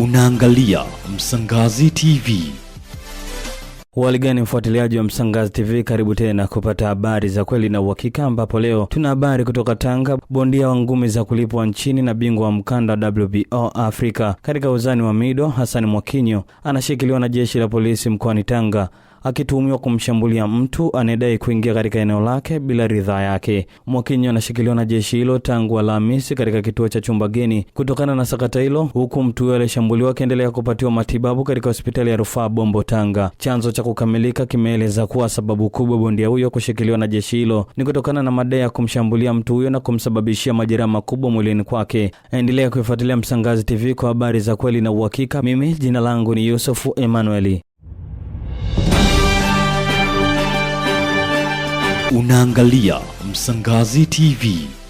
Unaangalia Msangazi TV. Wali gani mfuatiliaji wa Msangazi TV, karibu tena kupata habari za kweli na uhakika, ambapo leo tuna habari kutoka Tanga. Bondia wa ngumi za kulipwa nchini na bingwa wa mkanda wa WBO Afrika katika uzani wa mido Hassan Mwakinyo anashikiliwa na jeshi la polisi mkoani Tanga akituhumiwa kumshambulia mtu anayedai kuingia katika eneo lake bila ridhaa yake. Mwakinyo anashikiliwa na jeshi hilo tangu Alhamisi katika kituo cha Chumbageni kutokana na sakata hilo, huku mtu huyo aliyeshambuliwa akiendelea kupatiwa matibabu katika hospitali ya rufaa Bombo, Tanga. Chanzo cha kukamilika kimeeleza kuwa sababu kubwa bondia huyo kushikiliwa na jeshi hilo ni kutokana na madai ya kumshambulia mtu huyo na kumsababishia majeraha makubwa mwilini kwake. Endelea kuifuatilia Msangazi TV kwa habari za kweli na uhakika. Mimi jina langu ni Yusufu Emanueli. Unaangalia Msangazi TV.